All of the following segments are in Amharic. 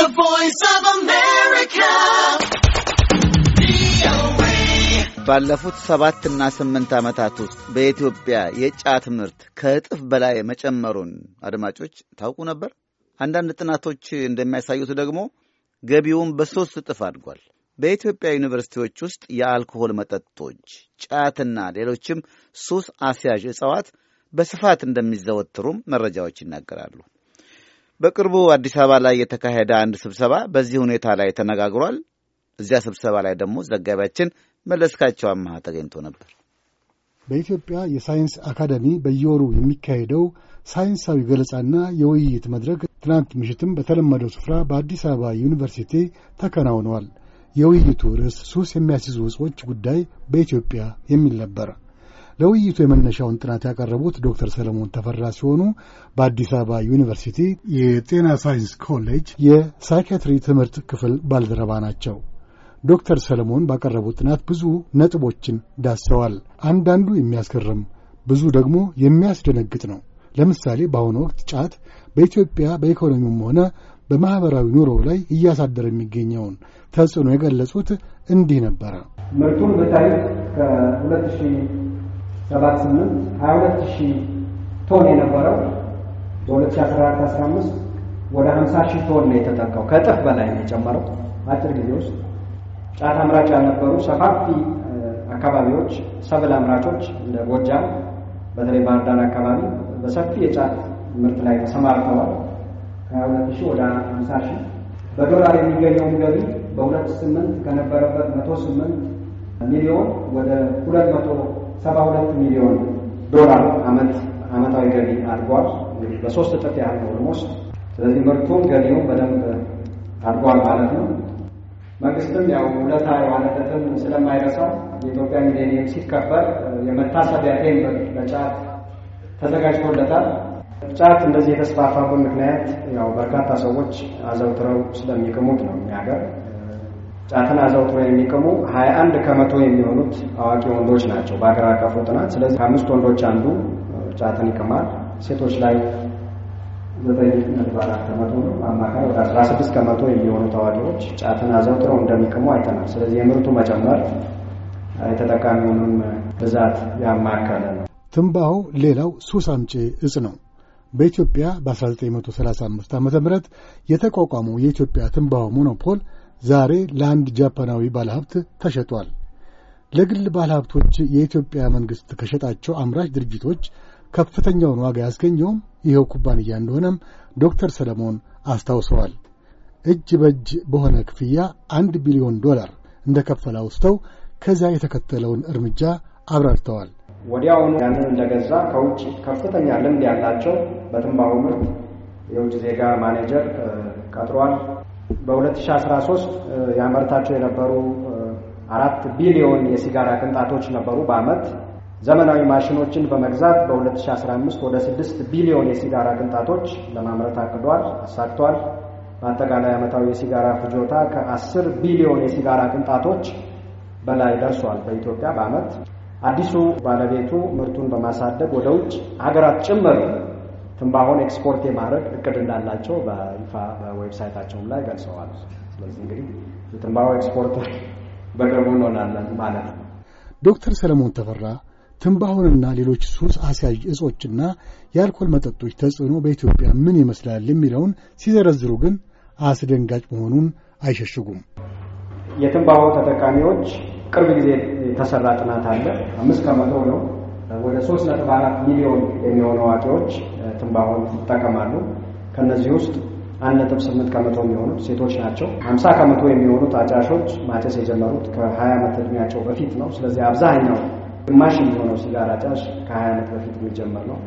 The Voice of America. ባለፉት ሰባት ስምንት ዓመታት ውስጥ በኢትዮጵያ የጫት ምርት ከእጥፍ በላይ መጨመሩን አድማጮች ታውቁ ነበር? አንዳንድ ጥናቶች እንደሚያሳዩት ደግሞ ገቢውን በሦስት እጥፍ አድጓል። በኢትዮጵያ ዩኒቨርሲቲዎች ውስጥ የአልኮሆል መጠጦች፣ ጫትና ሌሎችም ሱስ አስያዥ ዕጽዋት በስፋት እንደሚዘወትሩም መረጃዎች ይናገራሉ። በቅርቡ አዲስ አበባ ላይ የተካሄደ አንድ ስብሰባ በዚህ ሁኔታ ላይ ተነጋግሯል። እዚያ ስብሰባ ላይ ደግሞ ዘጋቢያችን መለስካቸው አማሃ ተገኝቶ ነበር። በኢትዮጵያ የሳይንስ አካደሚ በየወሩ የሚካሄደው ሳይንሳዊ ገለጻና የውይይት መድረክ ትናንት ምሽትም በተለመደው ስፍራ በአዲስ አበባ ዩኒቨርሲቲ ተከናውነዋል። የውይይቱ ርዕስ ሱስ የሚያስይዙ እጾች ጉዳይ በኢትዮጵያ የሚል ነበር። ለውይይቱ የመነሻውን ጥናት ያቀረቡት ዶክተር ሰለሞን ተፈራ ሲሆኑ በአዲስ አበባ ዩኒቨርሲቲ የጤና ሳይንስ ኮሌጅ የሳይኬትሪ ትምህርት ክፍል ባልደረባ ናቸው። ዶክተር ሰለሞን ባቀረቡት ጥናት ብዙ ነጥቦችን ዳሰዋል። አንዳንዱ የሚያስገርም፣ ብዙ ደግሞ የሚያስደነግጥ ነው። ለምሳሌ በአሁኑ ወቅት ጫት በኢትዮጵያ በኢኮኖሚውም ሆነ በማኅበራዊ ኑሮ ላይ እያሳደረ የሚገኘውን ተጽዕኖ የገለጹት እንዲህ ነበረ። ምርቱን ብታይ ከሁለት ሺህ ሰባት ስምንት ሀያ ሁለት ሺህ ቶን የነበረው በሁለት ሺህ አስራ አራት አስራ አምስት ወደ ሀምሳ ሺህ ቶን ነው የተጠቀው ከእጥፍ በላይ ነው የጨመረው አጭር ጊዜ ውስጥ። ጫት አምራጭ ያልነበሩ ሰፋፊ አካባቢዎች ሰብል አምራቾች እንደ ጎጃም በተለይ ባህር ዳር አካባቢ በሰፊ የጫት ምርት ላይ ተሰማርተዋል። ሀያ ሁለት ሺህ ወደ ሀምሳ ሺህ በዶላር የሚገኘውን ገቢ በሁለት ስምንት ከነበረበት መቶ ስምንት ሚሊዮን ወደ ሁለት መቶ ሰባ ሁለት ሚሊዮን ዶላር አመት አመታዊ ገቢ አድጓል። እንግዲህ በሶስት እጥፍ ያህል ነው ኦልሞስት። ስለዚህ ምርቱም ገቢውም በደንብ አድጓል ማለት ነው። መንግስትም ያው ውለታ የዋለለትን ስለማይረሳው የኢትዮጵያ ሚሌኒየም ሲከበር የመታሰቢያ ቴምብር ለጫት ተዘጋጅቶለታል። ጫት እንደዚህ የተስፋፋበት ምክንያት ያው በርካታ ሰዎች አዘውትረው ስለሚቅሙት ነው የሚያገር ጫትን አዘውትረው የሚቅሙ አንድ ከመቶ የሚሆኑት አዋቂ ወንዶች ናቸው በሀገር አቀፉ ጥናት። ስለዚህ ከአምስት ወንዶች አንዱ ጫትን ይቅማል። ሴቶች ላይ ዘጠኝ ነጥብ አራት ከመቶ ነው። አማካይ ወደ ስድስት ከመቶ የሚሆኑ ታዋቂዎች ጫትን አዘውትረው እንደሚቅሙ አይተናል። ስለዚህ የምርቱ መጨመር የተጠቃሚውንም ብዛት ያማከለ ነው። ትንባሆ ሌላው ሱስ አምጪ እጽ ነው። በኢትዮጵያ በ1935 ዓ ም የተቋቋመው የኢትዮጵያ ትንባሆ ሞኖፖል ዛሬ ለአንድ ጃፓናዊ ባለሀብት ተሸጧል። ለግል ባለሀብቶች የኢትዮጵያ መንግሥት ከሸጣቸው አምራች ድርጅቶች ከፍተኛውን ዋጋ ያስገኘውም ይኸው ኩባንያ እንደሆነም ዶክተር ሰለሞን አስታውሰዋል። እጅ በእጅ በሆነ ክፍያ አንድ ቢሊዮን ዶላር እንደ ከፈለ አውስተው ከዚያ የተከተለውን እርምጃ አብራርተዋል። ወዲያውኑ ያንን እንደገዛ ከውጭ ከፍተኛ ልምድ ያላቸው በትንባሆ ምርት የውጭ ዜጋ ማኔጀር ቀጥሯል። በ2013 ያመርታቸው የነበሩ አራት ቢሊዮን የሲጋራ ቅንጣቶች ነበሩ በዓመት ዘመናዊ ማሽኖችን በመግዛት በ2015 ወደ 6 ቢሊዮን የሲጋራ ቅንጣቶች ለማምረት አቅዷል፣ አሳክቷል። በአጠቃላይ ዓመታዊ የሲጋራ ፍጆታ ከ10 ቢሊዮን የሲጋራ ቅንጣቶች በላይ ደርሷል በኢትዮጵያ በአመት አዲሱ ባለቤቱ ምርቱን በማሳደግ ወደ ውጭ ሀገራት ጭምር ትንባሆን ኤክስፖርት የማድረግ እቅድ እንዳላቸው በይፋ በዌብሳይታቸውም ላይ ገልጸዋል። ስለዚህ እንግዲህ የትንባሆ ኤክስፖርት በቅርቡ እንሆናለን ማለት ነው። ዶክተር ሰለሞን ተፈራ ትንባሆንና ሌሎች ሱስ አስያዥ እጾችና የአልኮል መጠጦች ተጽዕኖ በኢትዮጵያ ምን ይመስላል የሚለውን ሲዘረዝሩ ግን አስደንጋጭ መሆኑን አይሸሽጉም። የትንባሆ ተጠቃሚዎች ቅርብ ጊዜ የተሰራ ጥናት አለ። አምስት ከመቶ ነው ወደ 3.4 ሚሊዮን የሚሆኑ አዋቂዎች ትንባሆን ይጠቀማሉ። ከነዚህ ውስጥ 1.8 ከመቶ የሚሆኑት ሴቶች ናቸው። 50 ከመቶ የሚሆኑ አጫሾች ማጨስ የጀመሩት ከ20 ዓመት እድሜያቸው በፊት ነው። ስለዚህ አብዛኛው ግማሽ የሚሆነው ሲጋራ አጫሽ ከ20 ዓመት በፊት የሚጀመር ነው።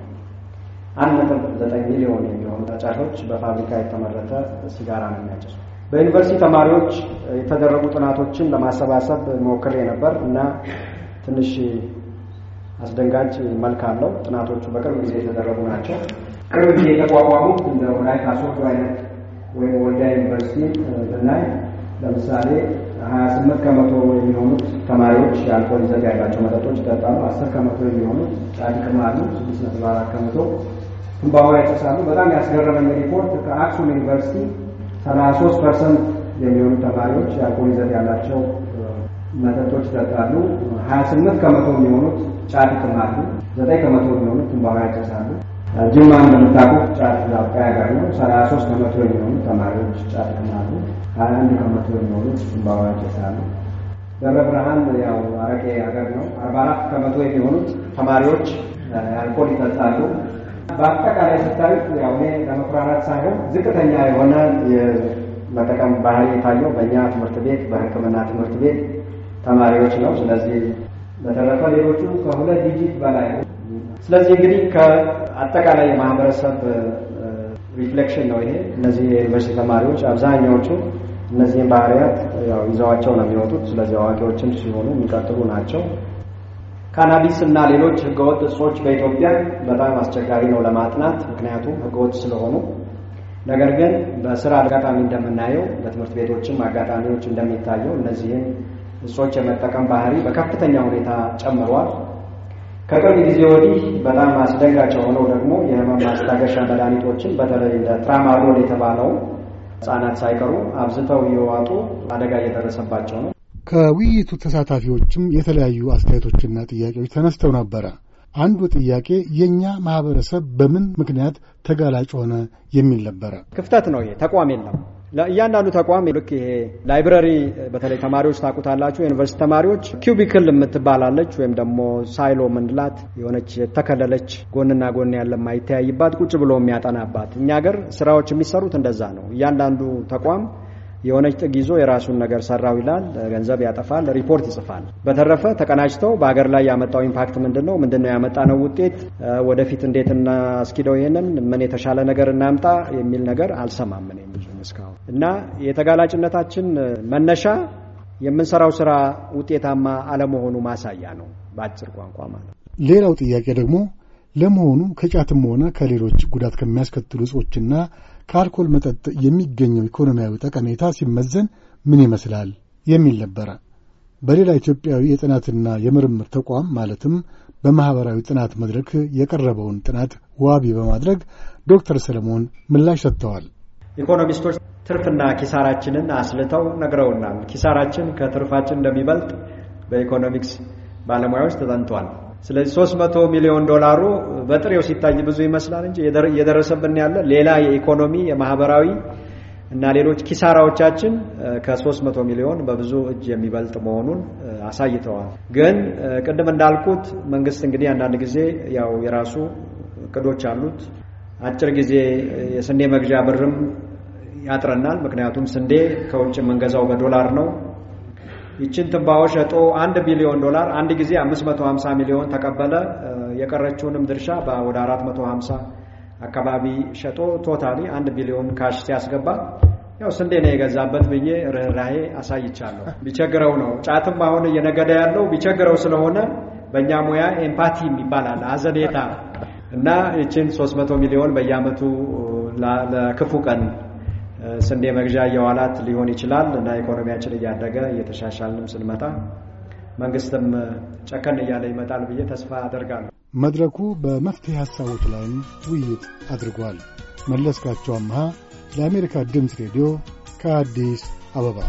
1.9 ሚሊዮን የሚሆኑት አጫሾች በፋብሪካ የተመረተ ሲጋራ ነው የሚያጨሱ። በዩኒቨርሲቲ ተማሪዎች የተደረጉ ጥናቶችን ለማሰባሰብ ሞክሬ ነበር እና ትንሽ አስደንጋጭ መልክ አለው። ጥናቶቹ በቅርብ ጊዜ የተደረጉ ናቸው። ቅርብ ጊዜ የተቋቋሙት እንደ ወላይታ ሶዶ አይነት ወይም ወልዲያ ዩኒቨርሲቲ ብናይ ለምሳሌ ሀያ ስምንት ከመቶ የሚሆኑት ተማሪዎች የአልኮል ይዘት ያላቸው መጠጦች ይጠጣሉ። አስር ከመቶ የሚሆኑት ጫት ይቅማሉ። ስድስት ነጥብ አራት ከመቶ ትንባሆ ያጨሳሉ። በጣም ያስገረመኝ ሪፖርት ከአክሱም ዩኒቨርሲቲ ሰላሳ ሶስት ፐርሰንት የሚሆኑ ተማሪዎች የአልኮል ይዘት ያላቸው መጠጦች ይጠጣሉ። ሀያ ስምንት ከመቶ የሚሆኑት ጫት ይቅማሉ። ዘጠኝ ከመቶ የሚሆኑት ትንባሆ ያጨሳሉ። ጅማ እንደምታውቁት ጫት ዛቃ ያጋር ነው። ሰላሳ ሶስት ከመቶ የሚሆኑ ተማሪዎች ጫት ይቅማሉ። ሀያ አንድ ከመቶ የሚሆኑት ትንባሆ ያጨሳሉ። ደብረ ብርሃን ያው አረቄ ሀገር ነው። አርባ አራት ከመቶ የሚሆኑት ተማሪዎች አልኮል ይጠጣሉ። በአጠቃላይ ስታዩት ያው እኔ ለመኩራራት ሳይሆን ዝቅተኛ የሆነ መጠቀም ባህል የታየው በእኛ ትምህርት ቤት በሕክምና ትምህርት ቤት ተማሪዎች ነው። ስለዚህ በተረፈ ሌሎቹ ከሁለት ዲጂት በላይ ስለዚህ እንግዲህ ከአጠቃላይ የማህበረሰብ ሪፍሌክሽን ነው ይሄ። እነዚህ የዩኒቨርሲቲ ተማሪዎች አብዛኛዎቹ እነዚህን ባህሪያት ይዘዋቸው ነው የሚወጡት። ስለዚህ አዋቂዎችም ሲሆኑ የሚቀጥሉ ናቸው። ካናቢስ እና ሌሎች ህገወጥ እጾች በኢትዮጵያ በጣም አስቸጋሪ ነው ለማጥናት ምክንያቱም ህገወጥ ስለሆኑ። ነገር ግን በስራ አጋጣሚ እንደምናየው በትምህርት ቤቶችም አጋጣሚዎች እንደሚታየው እነዚህን እጾች የመጠቀም ባህሪ በከፍተኛ ሁኔታ ጨምሯል። ከቅርብ ጊዜ ወዲህ በጣም አስደንጋጭ የሆነው ደግሞ የህመም ማስታገሻ መድኃኒቶችን በተለይ እንደ ትራማዶል የተባለው ህጻናት ሳይቀሩ አብዝተው እየዋጡ አደጋ እየደረሰባቸው ነው። ከውይይቱ ተሳታፊዎችም የተለያዩ አስተያየቶችና ጥያቄዎች ተነስተው ነበረ። አንዱ ጥያቄ የእኛ ማህበረሰብ በምን ምክንያት ተጋላጭ ሆነ የሚል ነበረ። ክፍተት ነው ይሄ፣ ተቋም የለም። እያንዳንዱ ተቋም ልክ ይሄ ላይብረሪ በተለይ ተማሪዎች ታውቁታላችሁ። ዩኒቨርሲቲ ተማሪዎች ኪዩቢክል የምትባላለች ወይም ደግሞ ሳይሎ ምንላት የሆነች የተከለለች ጎንና ጎን ያለ የማይተያይባት ቁጭ ብሎ የሚያጠናባት እኛ ሀገር ስራዎች የሚሰሩት እንደዛ ነው። እያንዳንዱ ተቋም የሆነች ጥግ ይዞ የራሱን ነገር ሰራው ይላል፣ ገንዘብ ያጠፋል፣ ሪፖርት ይጽፋል። በተረፈ ተቀናጅተው በሀገር ላይ ያመጣው ኢምፓክት ምንድን ነው? ምንድን ነው ያመጣነው ውጤት? ወደፊት እንዴት እናስኪደው? ይህንን ምን የተሻለ ነገር እናምጣ የሚል ነገር አልሰማም እኔም እስካሁን እና የተጋላጭነታችን መነሻ የምንሰራው ስራ ውጤታማ አለመሆኑ ማሳያ ነው፣ በአጭር ቋንቋ ማለት። ሌላው ጥያቄ ደግሞ ለመሆኑ ከጫትም ሆነ ከሌሎች ጉዳት ከሚያስከትሉ እጾችና ከአልኮል መጠጥ የሚገኘው ኢኮኖሚያዊ ጠቀሜታ ሲመዘን ምን ይመስላል የሚል ነበረ። በሌላ ኢትዮጵያዊ የጥናትና የምርምር ተቋም ማለትም በማኅበራዊ ጥናት መድረክ የቀረበውን ጥናት ዋቢ በማድረግ ዶክተር ሰለሞን ምላሽ ሰጥተዋል። ኢኮኖሚስቶች ትርፍና ኪሳራችንን አስልተው ነግረውናል። ኪሳራችን ከትርፋችን እንደሚበልጥ በኢኮኖሚክስ ባለሙያዎች ተጠንቷል። ስለዚህ 300 ሚሊዮን ዶላሩ በጥሬው ሲታይ ብዙ ይመስላል እንጂ የደረሰብን ያለ ሌላ የኢኮኖሚ የማህበራዊ እና ሌሎች ኪሳራዎቻችን ከ300 ሚሊዮን በብዙ እጅ የሚበልጥ መሆኑን አሳይተዋል። ግን ቅድም እንዳልኩት መንግስት እንግዲህ አንዳንድ ጊዜ ያው የራሱ እቅዶች አሉት። አጭር ጊዜ የስንዴ መግዣ ብርም ያጥረናል። ምክንያቱም ስንዴ ከውጭ የምንገዛው በዶላር ነው። ይችን ትንባሆ ሸጦ አንድ ቢሊዮን ዶላር አንድ ጊዜ 550 ሚሊዮን ተቀበለ። የቀረችውንም ድርሻ ወደ 450 አካባቢ ሸጦ ቶታሊ አንድ ቢሊዮን ካሽ ሲያስገባ ያው ስንዴ ነው የገዛበት ብዬ ርኅራሄ አሳይቻለሁ። ቢቸግረው ነው ጫትም አሁን እየነገደ ያለው ቢቸግረው ስለሆነ በእኛ ሙያ ኤምፓቲ ይባላል አዘኔታ እና ይችን 300 ሚሊዮን በየአመቱ ለክፉ ቀን ስንዴ መግዣ የዋላት ሊሆን ይችላል እና ኢኮኖሚያችን እያደገ እየተሻሻልንም ስንመጣ መንግስትም ጨከን እያለ ይመጣል ብዬ ተስፋ አደርጋለሁ። መድረኩ በመፍትሄ ሀሳቦች ላይም ውይይት አድርጓል። መለስካቸው አምሃ ለአሜሪካ ድምፅ ሬዲዮ ከአዲስ አበባ